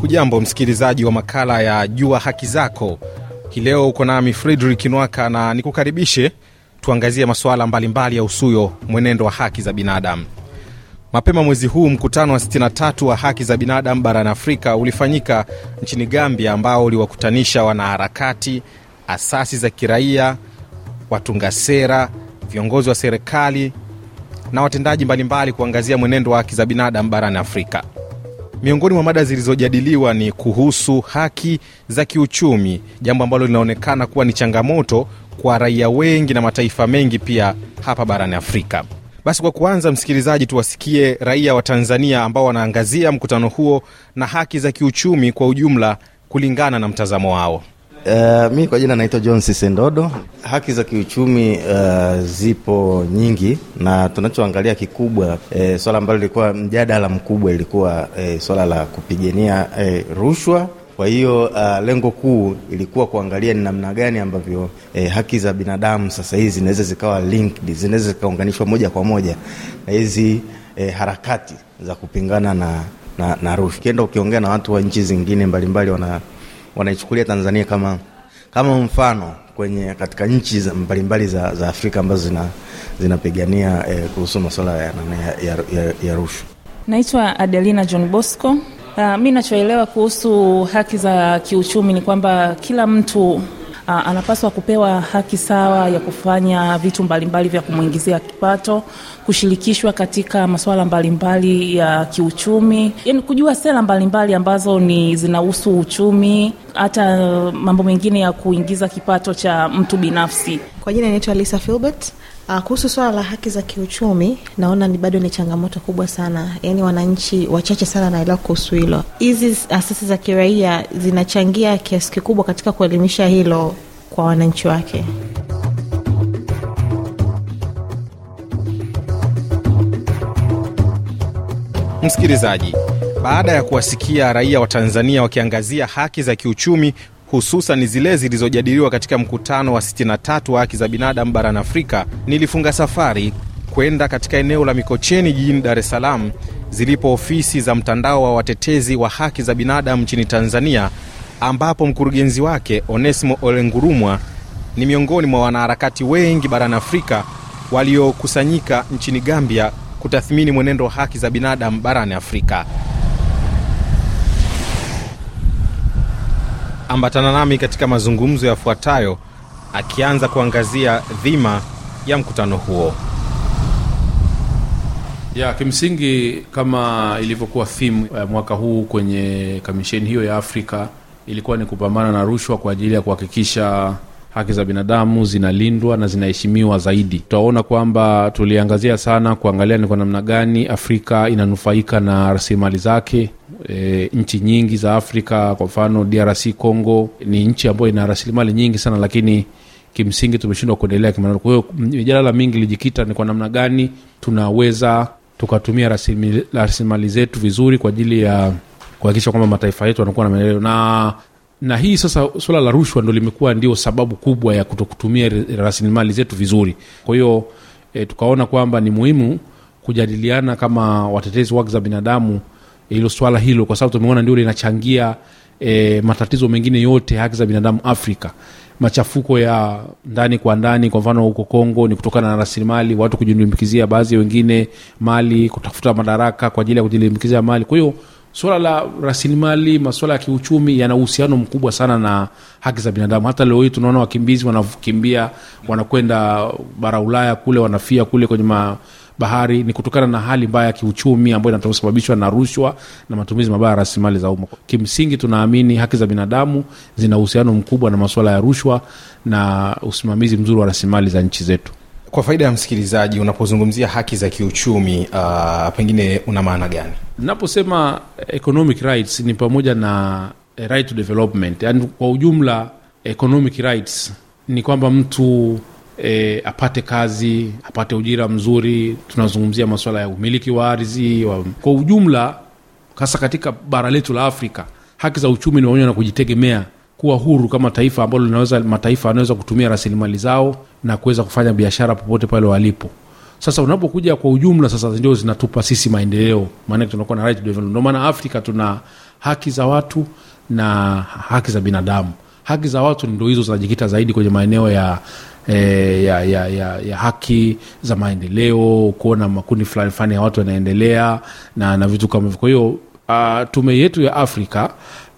Hujambo msikilizaji wa makala ya Jua Haki Zako. Hii leo uko nami Fredrik Nwaka na nikukaribishe tuangazie masuala mbalimbali ya usuyo mwenendo wa haki za binadamu. Mapema mwezi huu mkutano wa 63 wa haki za binadamu barani Afrika ulifanyika nchini Gambia, ambao uliwakutanisha wanaharakati, asasi za kiraia, watunga sera, viongozi wa serikali na watendaji mbalimbali kuangazia mwenendo wa haki za binadamu barani Afrika. Miongoni mwa mada zilizojadiliwa ni kuhusu haki za kiuchumi, jambo ambalo linaonekana kuwa ni changamoto kwa raia wengi na mataifa mengi pia hapa barani Afrika. Basi kwa kuanza, msikilizaji, tuwasikie raia wa Tanzania ambao wanaangazia mkutano huo na haki za kiuchumi kwa ujumla kulingana na mtazamo wao. Uh, mi kwa jina naitwa John Sisendodo. Haki za kiuchumi uh, zipo nyingi na tunachoangalia kikubwa eh, swala ambalo lilikuwa mjadala mkubwa ilikuwa eh, swala la kupigania eh, rushwa. Kwa hiyo uh, lengo kuu ilikuwa kuangalia ni namna gani ambavyo eh, haki za binadamu sasa hizi zinaweza zikawa linked, zinaweza zikaunganishwa moja kwa moja na hizi eh, harakati za kupingana na, na, na rushwa. Ukienda ukiongea na watu wa nchi zingine mbalimbali wana wanaichukulia Tanzania kama, kama mfano kwenye katika nchi mbalimbali za, za Afrika ambazo zina, zinapigania eh, kuhusu masuala ya, ya, ya, ya rushwa. Naitwa Adelina John Bosco. Uh, ah, mi nachoelewa kuhusu haki za kiuchumi ni kwamba kila mtu uh, anapaswa kupewa haki sawa ya kufanya vitu mbalimbali vya kumwingizia kipato, kushirikishwa katika masuala mbalimbali ya kiuchumi, yani kujua sera mbalimbali mbali ambazo ni zinahusu uchumi, hata mambo mengine ya kuingiza kipato cha mtu binafsi. Kwa jina inaitwa Lisa Filbert. Uh, kuhusu swala la haki za kiuchumi naona ni bado ni changamoto kubwa sana, yaani wananchi wachache sana wanaelewa kuhusu hilo. Hizi asasi za kiraia zinachangia kiasi kikubwa katika kuelimisha hilo kwa wananchi wake. Msikilizaji, baada ya kuwasikia raia wa Tanzania wakiangazia haki za kiuchumi hususan zile zilizojadiliwa katika mkutano wa 63 wa haki za binadamu barani Afrika, nilifunga safari kwenda katika eneo la Mikocheni jijini Dar es Salaam, zilipo ofisi za mtandao wa watetezi wa haki za binadamu nchini Tanzania ambapo mkurugenzi wake Onesimo Olengurumwa ni miongoni mwa wanaharakati wengi barani Afrika waliokusanyika nchini Gambia kutathmini mwenendo wa haki za binadamu barani Afrika. Ambatana nami katika mazungumzo yafuatayo, akianza kuangazia dhima ya mkutano huo. Ya, kimsingi kama ilivyokuwa theme eh, mwaka huu kwenye kamisheni hiyo ya Afrika ilikuwa ni kupambana na rushwa kwa ajili ya kuhakikisha haki za binadamu zinalindwa na zinaheshimiwa zaidi. Tutaona kwamba tuliangazia sana kuangalia ni kwa namna gani Afrika inanufaika na rasilimali zake. E, nchi nyingi za Afrika kwa mfano DRC Congo ni nchi ambayo ina rasilimali nyingi sana, lakini kimsingi tumeshindwa kuendelea kimaendeleo. Kwa hiyo mm, mijadala mingi ilijikita ni kwa namna gani tunaweza tukatumia rasilimali zetu vizuri kwa ajili ya kuhakikisha kwamba mataifa yetu yanakuwa na maendeleo na na hii sasa, suala la rushwa ndo limekuwa ndio sababu kubwa ya kutokutumia rasilimali zetu vizuri. Kwa hiyo e, tukaona kwamba ni muhimu kujadiliana kama watetezi wake za binadamu eh, ilo swala hilo, kwa sababu tumeona ndio linachangia e, matatizo mengine yote haki za binadamu Afrika. Machafuko ya ndani kwa ndani, kwa mfano huko Kongo, ni kutokana na rasilimali, watu kujilimbikizia baadhi, wengine mali, kutafuta madaraka kwa ajili ya kujilimbikizia mali. Kwa hiyo swala la rasilimali, masuala ya kiuchumi yana uhusiano mkubwa sana na haki za binadamu. Hata leo hii tunaona wakimbizi wanakimbia, wanakwenda bara Ulaya kule, wanafia kule kwenye ma bahari ni kutokana na hali mbaya ya kiuchumi ambayo inasababishwa na rushwa na matumizi mabaya ya rasilimali za umma. Kimsingi, tunaamini haki za binadamu zina uhusiano mkubwa na masuala ya rushwa na usimamizi mzuri wa rasilimali za nchi zetu. Kwa faida ya msikilizaji, unapozungumzia haki za kiuchumi, uh, pengine una maana gani? Naposema economic rights ni pamoja na eh, right to development, yani kwa ujumla economic rights ni kwamba mtu e, apate kazi, apate ujira mzuri. Tunazungumzia masuala ya umiliki wa ardhi kwa ujumla, hasa katika bara letu la Afrika, haki za uchumi ni pamoja na kujitegemea, kuwa huru kama taifa ambalo linaweza, mataifa yanaweza kutumia rasilimali zao na kuweza kufanya biashara popote pale walipo. Sasa unapokuja kwa ujumla, sasa ndio zinatupa sisi maendeleo, maanake tunakuwa na right development. Ndio maana Afrika tuna haki za watu na haki za binadamu. Haki za watu ndio hizo zinajikita zaidi kwenye maeneo ya E, ya, ya, ya, ya haki za maendeleo, kuona makundi fulani fulani ya watu yanaendelea na, na vitu kama hivyo. Kwa hiyo uh, tume yetu ya Afrika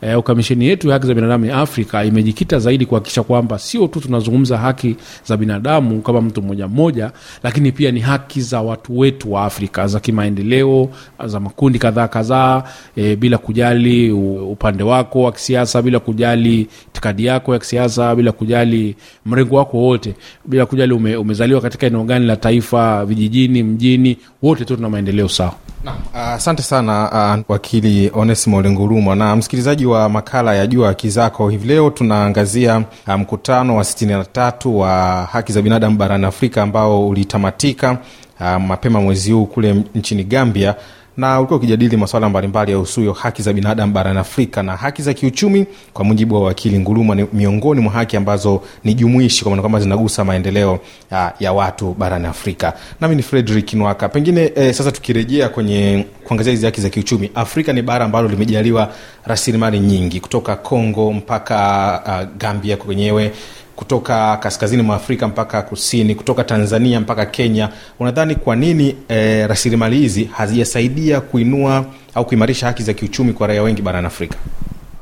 E, ukamisheni yetu ya haki za binadamu ya Afrika imejikita zaidi kuhakikisha kwamba sio tu tunazungumza haki za binadamu kama mtu mmoja mmoja, lakini pia ni haki za watu wetu wa Afrika za kimaendeleo, za makundi kadhaa kadhaa, e, bila kujali upande wako wa kisiasa, bila kujali itikadi yako ya kisiasa, bila kujali mrengo wako wote, bila kujali ume, umezaliwa katika eneo gani la taifa, vijijini, mjini, wote tu tuna maendeleo sawa. Ah, asante uh, sana uh, wakili Onesimo lenguruma Na msikilizaji wa makala ya Jua Haki Zako, hivi leo tunaangazia ah, mkutano um, wa tatu wa haki za binadamu barani Afrika ambao ulitamatika uh, mapema mwezi huu kule nchini Gambia na ulikuwa ukijadili masuala mbalimbali yahusuyo haki za binadamu barani Afrika na haki za kiuchumi. Kwa mujibu wa wakili Nguruma, ni miongoni mwa haki ambazo ni jumuishi, kwa maana kwamba zinagusa maendeleo ya, ah, ya watu barani Afrika. Nami ni Fredrick Nwaka. Pengine eh, sasa tukirejea kwenye kuangazia hizi haki za kiuchumi, Afrika ni bara ambalo limejaliwa rasilimali nyingi, kutoka Congo mpaka uh, Gambia kwenyewe kutoka kaskazini mwa Afrika mpaka kusini, kutoka Tanzania mpaka Kenya. Unadhani kwa nini e, rasilimali hizi hazijasaidia kuinua au kuimarisha haki za kiuchumi kwa raia wengi barani Afrika?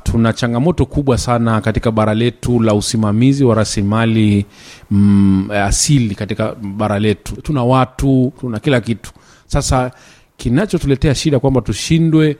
Tuna changamoto kubwa sana katika bara letu la usimamizi wa rasilimali mm, asili katika bara letu. Tuna watu, tuna kila kitu. Sasa kinachotuletea shida kwamba tushindwe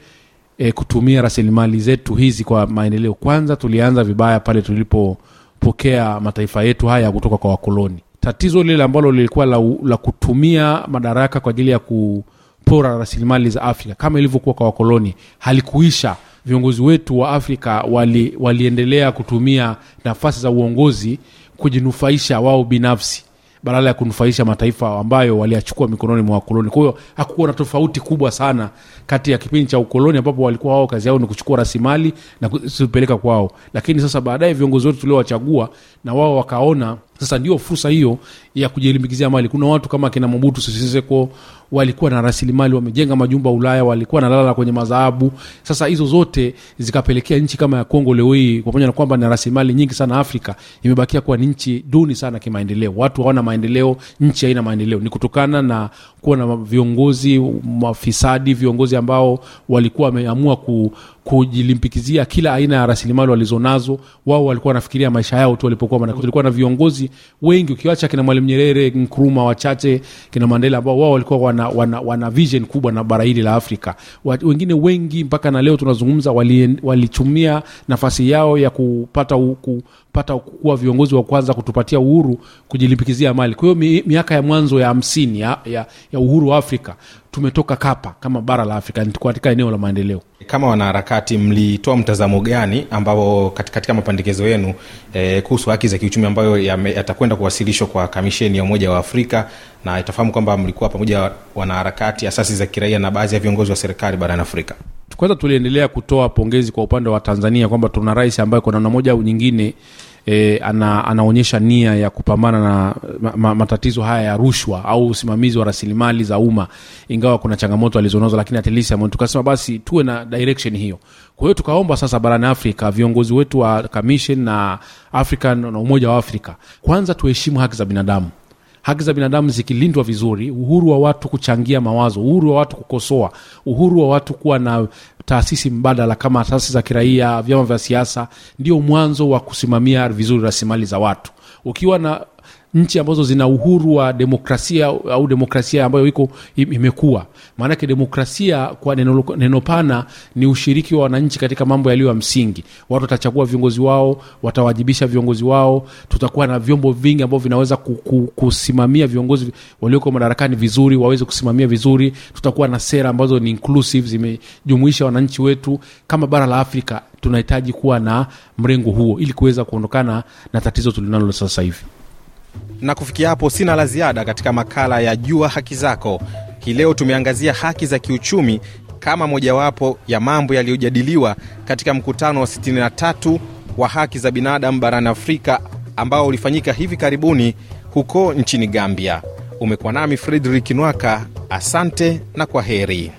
e, kutumia rasilimali zetu hizi kwa maendeleo. Kwanza tulianza vibaya pale tulipo kupokea mataifa yetu haya kutoka kwa wakoloni tatizo lile ambalo lilikuwa la, la kutumia madaraka kwa ajili ya kupora rasilimali za afrika kama ilivyokuwa kwa wakoloni halikuisha viongozi wetu wa afrika wali, waliendelea kutumia nafasi za uongozi kujinufaisha wao binafsi badala ya kunufaisha mataifa ambayo waliyachukua mikononi mwa wakoloni. Kwa hiyo hakukuwa na tofauti kubwa sana kati ya kipindi cha ukoloni ambapo walikuwa wao kazi yao ni kuchukua rasilimali na kuzipeleka kwao, lakini sasa baadaye viongozi wetu tuliowachagua na wao wakaona sasa ndio fursa hiyo ya kujilimbikizia mali. Kuna watu kama kina Mobutu sisizeko walikuwa na rasilimali, wamejenga majumba Ulaya, walikuwa nalala kwenye madhahabu. Sasa hizo zote zikapelekea nchi kama ya Kongo leo hii, pamoja na kwamba na rasilimali nyingi sana, Afrika imebakia kuwa ni nchi duni sana kimaendeleo. Watu hawana maendeleo, nchi haina maendeleo. Ni kutokana na kuwa na viongozi mafisadi, viongozi ambao walikuwa wameamua ku kujilimpikizia kila aina ya rasilimali walizonazo wao walikuwa wanafikiria maisha yao tu walipokuwa maana kulikuwa na viongozi wengi ukiwacha kina mwalimu nyerere nkruma wachache kina mandela ambao wao walikuwa wana, wana, wana vision kubwa na bara hili la afrika wengine wengi mpaka na leo tunazungumza walitumia wali nafasi yao ya kupata uku, pata kuwa viongozi wa kwanza kutupatia uhuru kujilimpikizia mali kwa hiyo mi, miaka ya mwanzo ya hamsini ya, ya, ya uhuru wa afrika tumetoka kapa kama bara la Afrika katika eneo la maendeleo. Kama wanaharakati, mlitoa mtazamo gani ambao katika mapendekezo yenu e, kuhusu haki za kiuchumi ambayo yatakwenda kuwasilishwa kwa kamisheni ya Umoja wa Afrika, na itafahamu kwamba mlikuwa pamoja wanaharakati, asasi za kiraia na baadhi ya viongozi wa serikali barani Afrika? Kwanza tuliendelea kutoa pongezi kwa upande wa Tanzania kwamba tuna rais ambaye kwa namna moja au nyingine e, ana, anaonyesha nia ya kupambana na ma, ma, matatizo haya ya rushwa au usimamizi wa rasilimali za umma, ingawa kuna changamoto alizonazo, lakini tukasema basi tuwe na direction hiyo. Kwa hiyo tukaomba sasa barani Afrika viongozi wetu wa Commission na African na Umoja wa Afrika kwanza tuheshimu haki za binadamu haki za binadamu zikilindwa vizuri, uhuru wa watu kuchangia mawazo, uhuru wa watu kukosoa, uhuru wa watu kuwa na taasisi mbadala kama taasisi za kiraia, vyama vya siasa, ndio mwanzo wa kusimamia vizuri rasilimali za watu. Ukiwa na nchi ambazo zina uhuru wa demokrasia au demokrasia ambayo iko imekuwa maanake demokrasia kwa neno, neno pana ni ushiriki wa wananchi katika mambo yaliyo ya msingi watu watachagua viongozi wao watawajibisha viongozi wao tutakuwa na vyombo vingi ambavyo vinaweza kusimamia viongozi walioko madarakani vizuri waweze kusimamia vizuri tutakuwa na sera ambazo ni inclusive zimejumuisha wananchi wetu kama bara la afrika tunahitaji kuwa na mrengo huo ili kuweza kuondokana na tatizo tulinalo sasa hivi na kufikia hapo, sina la ziada katika makala ya Jua Haki Zako. Hii leo tumeangazia haki za kiuchumi kama mojawapo ya mambo yaliyojadiliwa katika mkutano wa 63 wa haki za binadamu barani Afrika ambao ulifanyika hivi karibuni huko nchini Gambia. Umekuwa nami Fredrik Nwaka, asante na kwa heri.